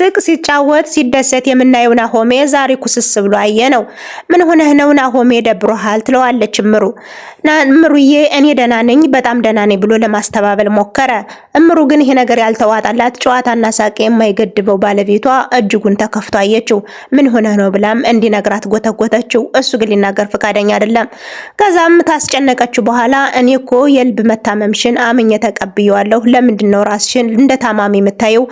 ጥቅ ሲጫወት ሲደሰት የምናየው ናሆሜ ዛሬ ኩስስ ብሎ አየ ነው። ምን ሆነህ ነው ናሆሜ ደብሮሃል? ትለዋለች እምሩ። እምሩዬ እኔ ደህና ነኝ በጣም ደህና ነኝ ብሎ ለማስተባበል ሞከረ። እምሩ ግን ይሄ ነገር ያልተዋጣላት ጨዋታና ሳቅ የማይገድበው ባለቤቷ እጅጉን ተከፍቶ አየችው። ምን ሆነህ ነው ብላም እንዲነግራት ጎተጎተችው። እሱ ግን ሊናገር ፈቃደኛ አይደለም። ከዛም ታስጨነቀችው በኋላ እኔ እኮ የልብ መታመምሽን አምኜ ተቀብየዋለሁ። ለምንድን ነው ራስሽን እንደ ታማሚ የምታየው?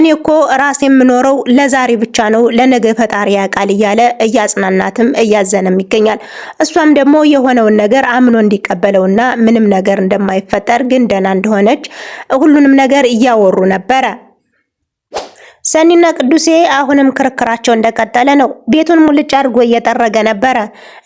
እኔ እኮ ራሴ የምኖረው ለዛሬ ብቻ ነው፣ ለነገ ፈጣሪ ያውቃል እያለ እያጽናናትም እያዘነም ይገኛል። እሷም ደግሞ የሆነውን ነገር አምኖ እንዲቀበለውና ምንም ነገር እንደማይፈጠር ግን ደህና እንደሆነች ሁሉንም ነገር እያወሩ ነበረ። ሰኒና ቅዱሴ አሁንም ክርክራቸው እንደቀጠለ ነው። ቤቱን ሙልጭ አድርጎ እየጠረገ ነበረ።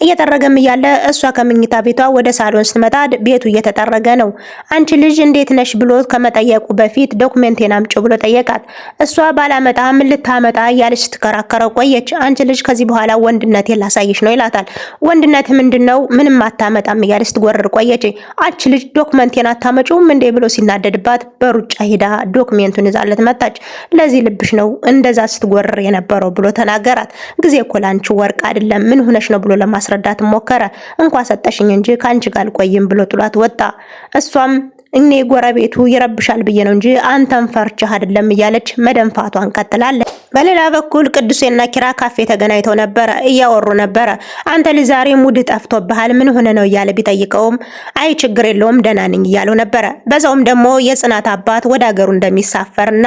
እየጠረገም እያለ እሷ ከመኝታ ቤቷ ወደ ሳሎን ስትመጣ ቤቱ እየተጠረገ ነው። አንቺ ልጅ እንዴት ነሽ ብሎ ከመጠየቁ በፊት ዶክሜንቴን አምጪ ብሎ ጠየቃት። እሷ ባላመጣ ምን ልታመጣ እያለች ስትከራከረው ቆየች። አንቺ ልጅ ከዚህ በኋላ ወንድነት ላሳይሽ ነው ይላታል። ወንድነት ምንድን ነው? ምንም አታመጣም እያለች ስትጎርር ቆየች። አንቺ ልጅ ዶክመንቴን አታመጪውም እንዴ ብሎ ሲናደድባት በሩጫ ሂዳ ዶክሜንቱን ይዛለት መጣች። ለዚህ ልብ ሆነሽ ነው እንደዛ ስትጎርር የነበረው ብሎ ተናገራት። ጊዜ እኮ ላንቺ ወርቅ አይደለም ምን ሆነሽ ነው ብሎ ለማስረዳት ሞከረ። እንኳ ሰጠሽኝ እንጂ ከአንቺ ጋር አልቆይም ብሎ ጥሏት ወጣ። እሷም እኔ ጎረቤቱ ይረብሻል ብዬ ነው እንጂ አንተን ፈርቻ አይደለም እያለች መደንፋቷን ቀጥላለች። በሌላ በኩል ቅዱሴና ኪራ ካፌ ተገናኝተው ነበረ፣ እያወሩ ነበረ። አንተ ልጅ ዛሬ ሙድ ጠፍቶብሃል፣ ምን ሆነ ነው እያለ ቢጠይቀውም አይ ችግር የለውም ደህና ነኝ እያለው ነበረ። በዛውም ደግሞ የጽናት አባት ወደ አገሩ እንደሚሳፈርና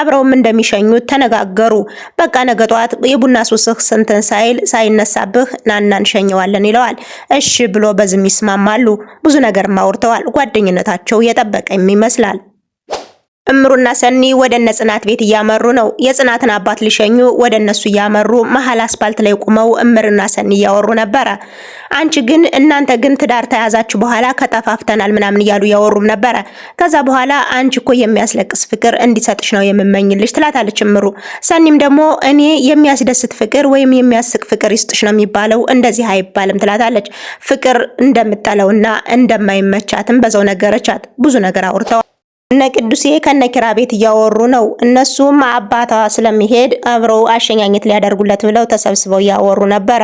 አብረውም እንደሚሸኙት ተነጋገሩ። በቃ ነገ ጠዋት የቡና ሱስህ ስንትን ሳይል ሳይነሳብህ ናና እንሸኘዋለን ይለዋል። እሺ ብሎ በዝም ይስማማሉ። ብዙ ነገርም አውርተዋል ጓደኝነታቸው እየጠበቀም ይመስላል። እምሩና ሰኒ ወደ እነ ጽናት ቤት እያመሩ ነው። የጽናትን አባት ሊሸኙ ወደ እነሱ እያመሩ መሀል አስፓልት ላይ ቁመው እምርና ሰኒ እያወሩ ነበረ። አንቺ ግን እናንተ ግን ትዳር ተያዛችሁ በኋላ ከጠፋፍተናል ምናምን እያሉ እያወሩም ነበረ። ከዛ በኋላ አንቺ እኮ የሚያስለቅስ ፍቅር እንዲሰጥሽ ነው የምመኝልሽ ትላታለች እምሩ። ሰኒም ደግሞ እኔ የሚያስደስት ፍቅር ወይም የሚያስቅ ፍቅር ይስጥሽ ነው የሚባለው እንደዚህ አይባልም ትላታለች። ፍቅር እንደምጠለውና እንደማይመቻትም በዛው ነገረቻት። ብዙ ነገር አውርተዋል። እነ ቅዱሴ ከነ ኪራ ቤት እያወሩ ነው። እነሱም አባቷ ስለሚሄድ አብረው አሸኛኘት ሊያደርጉለት ብለው ተሰብስበው እያወሩ ነበረ።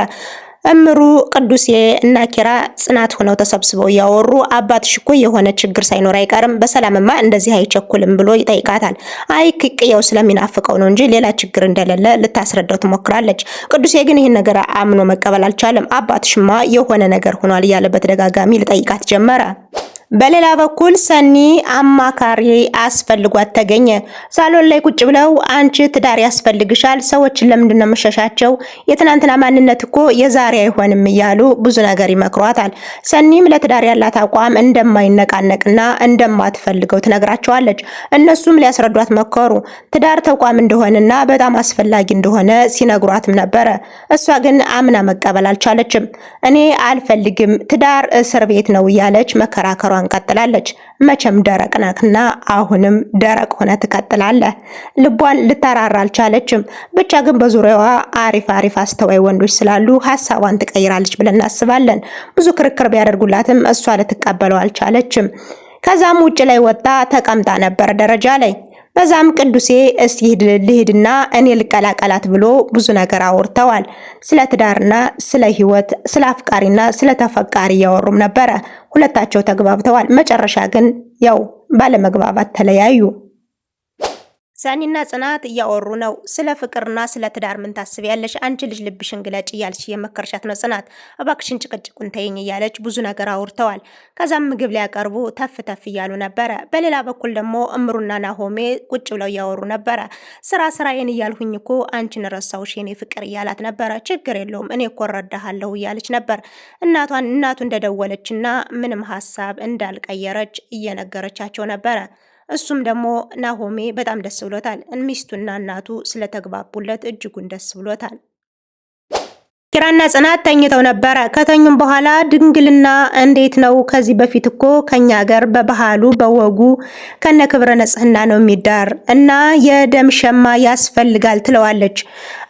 እምሩ ቅዱሴ እና ኪራ ጽናት ሆነው ተሰብስበው እያወሩ አባትሽ እኮ የሆነ ችግር ሳይኖር አይቀርም፣ በሰላምማ እንደዚህ አይቸኩልም ብሎ ይጠይቃታል። አይ ክቅየው ስለሚናፍቀው ነው እንጂ ሌላ ችግር እንደሌለ ልታስረዳው ትሞክራለች። ቅዱሴ ግን ይህን ነገር አምኖ መቀበል አልቻለም። አባትሽማ የሆነ ነገር ሆኗል እያለ በተደጋጋሚ ልጠይቃት ጀመረ። በሌላ በኩል ሰኒ አማካሪ አስፈልጓት ተገኘ። ሳሎን ላይ ቁጭ ብለው አንቺ ትዳር ያስፈልግሻል፣ ሰዎችን ለምንድን ነው የትናንትና ማንነት እኮ የዛሬ አይሆንም እያሉ ብዙ ነገር ይመክሯታል። ሰኒም ለትዳር ያላት አቋም እንደማይነቃነቅና እንደማትፈልገው ትነግራቸዋለች። እነሱም ሊያስረዷት መከሩ። ትዳር ተቋም እንደሆነና በጣም አስፈላጊ እንደሆነ ሲነግሯትም ነበረ። እሷ ግን አምና መቀበል አልቻለችም። እኔ አልፈልግም፣ ትዳር እስር ቤት ነው እያለች መከራከሯን ህይወቷን ቀጥላለች። መቼም ደረቅ ነህና አሁንም ደረቅ ሆነ ትቀጥላለህ። ልቧን ልታራራ አልቻለችም። ብቻ ግን በዙሪያዋ አሪፍ አሪፍ አስተዋይ ወንዶች ስላሉ ሀሳቧን ትቀይራለች ብለን እናስባለን። ብዙ ክርክር ቢያደርጉላትም እሷ ልትቀበለው አልቻለችም። ከዛም ውጭ ላይ ወጣ ተቀምጣ ነበር ደረጃ ላይ በዛም ቅዱሴ እስኪ ልሂድና እኔ ልቀላቀላት ብሎ ብዙ ነገር አውርተዋል። ስለ ትዳርና ስለ ህይወት ስለ አፍቃሪና ስለ ተፈቃሪ እያወሩም ነበረ። ሁለታቸው ተግባብተዋል። መጨረሻ ግን ያው ባለመግባባት ተለያዩ። ሰኒና ጽናት እያወሩ ነው። ስለ ፍቅርና ስለ ትዳር ምን ታስቢያለሽ? አንቺ ልጅ ልብሽን ግለጭ እያልሽ የመከርሻት ነው። ጽናት እባክሽን ጭቅጭቁን ተይኝ እያለች ብዙ ነገር አውርተዋል። ከዛም ምግብ ሊያቀርቡ ተፍ ተፍ እያሉ ነበረ። በሌላ በኩል ደግሞ እምሩና ናሆሜ ቁጭ ብለው እያወሩ ነበረ። ስራ ስራዬን እያልሁኝ እኮ አንቺን ረሳሁሽ የኔ ፍቅር እያላት ነበረ። ችግር የለውም እኔ እኮ እረዳሃለሁ እያለች ነበር። እናቷን እናቱ እንደደወለችና ምንም ሀሳብ እንዳልቀየረች እየነገረቻቸው ነበረ። እሱም ደግሞ ናሆሜ በጣም ደስ ብሎታል። ሚስቱና እናቱ ስለተግባቡለት እጅጉን ደስ ብሎታል። ኪራና ጽናት ተኝተው ነበረ። ከተኙም በኋላ ድንግልና እንዴት ነው? ከዚህ በፊት እኮ ከኛ ሀገር በባህሉ በወጉ ከነ ክብረ ንጽህና ነው የሚዳር እና የደም ሸማ ያስፈልጋል ትለዋለች።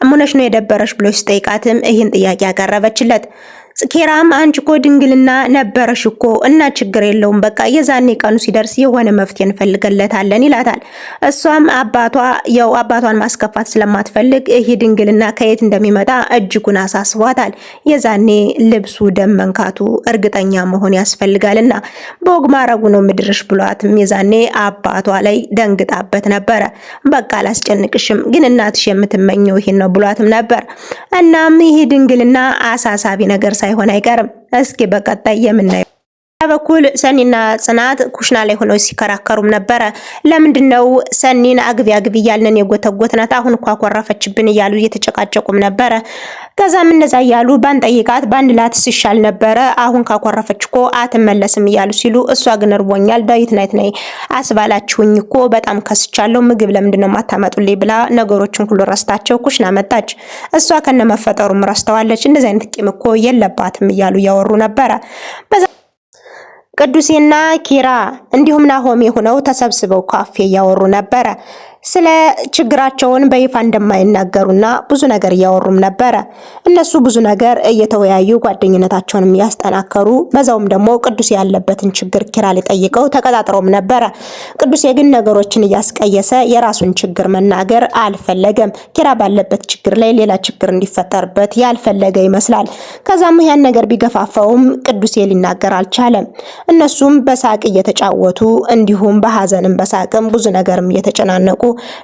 እሙነሽ ነው የደበረሽ ብሎ ሲጠይቃትም ይህን ጥያቄ ያቀረበችለት ኬራም አንቺ እኮ ድንግልና ነበረሽ እኮ እና ችግር የለውም በቃ የዛኔ ቀኑ ሲደርስ የሆነ መፍትሄ እንፈልገለታለን ይላታል። እሷም አባቷ ያው አባቷን ማስከፋት ስለማትፈልግ ይህ ድንግልና ከየት እንደሚመጣ እጅጉን አሳስቧታል። የዛኔ ልብሱ ደም መንካቱ እርግጠኛ መሆን ያስፈልጋልና በወግ ማረጉ ነው ምድርሽ ብሏትም የዛኔ አባቷ ላይ ደንግጣበት ነበረ። በቃ አላስጨንቅሽም፣ ግን እናትሽ የምትመኘው ይህን ነው ብሏትም ነበር። እናም ይህ ድንግልና አሳሳቢ ነገር ሳይ ሳይሆን አይቀርም። እስኪ በቀጣይ የምናየው በኩል ሰኒና ጽናት ኩሽና ላይ ሆነው ሲከራከሩም ነበረ። ለምንድን ነው ሰኒን አግቢ አግቢ እያልንን የጎተጎትናት አሁን እኮ አኮረፈችብን እያሉ እየተጨቃጨቁም ነበረ። ከዛም እንደዛ እያሉ ባንድ ጠይቃት ባንድ ላት ሲሻል ነበረ። አሁን ካኮረፈች እኮ አትመለስም እያሉ ሲሉ፣ እሷ ግን እርቦኛል ዳዊት ናይት ነይ አስባላችሁኝ እኮ በጣም ከስቻለሁ፣ ምግብ ለምንድን ነው ማታመጡልኝ ብላ ነገሮችን ሁሉ ረስታቸው ኩሽና መጣች። እሷ ከነመፈጠሩም ረስተዋለች። እንደዚህ አይነት ቂም እኮ የለባትም እያሉ እያወሩ ነበረ። ቅዱሴና ኪራ እንዲሁም ናሆሜ ሆነው ተሰብስበው ካፌ እያወሩ ነበረ። ስለ ችግራቸውን በይፋ እንደማይናገሩና ብዙ ነገር እያወሩም ነበረ። እነሱ ብዙ ነገር እየተወያዩ ጓደኝነታቸውን እያስጠናከሩ በዛውም ደግሞ ቅዱሴ ያለበትን ችግር ኪራ ሊጠይቀው ተቀጣጥሮም ነበረ። ቅዱሴ ግን ነገሮችን እያስቀየሰ የራሱን ችግር መናገር አልፈለገም። ኪራ ባለበት ችግር ላይ ሌላ ችግር እንዲፈጠርበት ያልፈለገ ይመስላል። ከዛም ያን ነገር ቢገፋፋውም ቅዱሴ ሊናገር አልቻለም። እነሱም በሳቅ እየተጫወቱ እንዲሁም በሀዘንም በሳቅም ብዙ ነገርም እየተጨናነቁ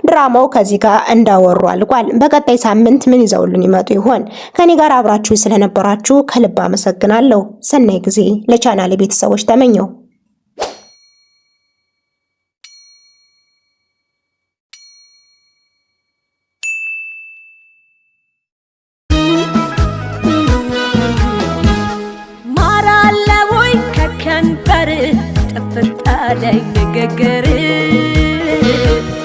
ድራማው ከዚህ ጋር እንዳወሩ አልቋል። በቀጣይ ሳምንት ምን ይዘውልን ይመጡ ይሆን? ከኔ ጋር አብራችሁ ስለነበራችሁ ከልብ አመሰግናለሁ። ሰናይ ጊዜ ለቻናል ቤተሰቦች ተመኘው። ማራለቦይ ከከንበር ጥፍጣ ላይ ንግግር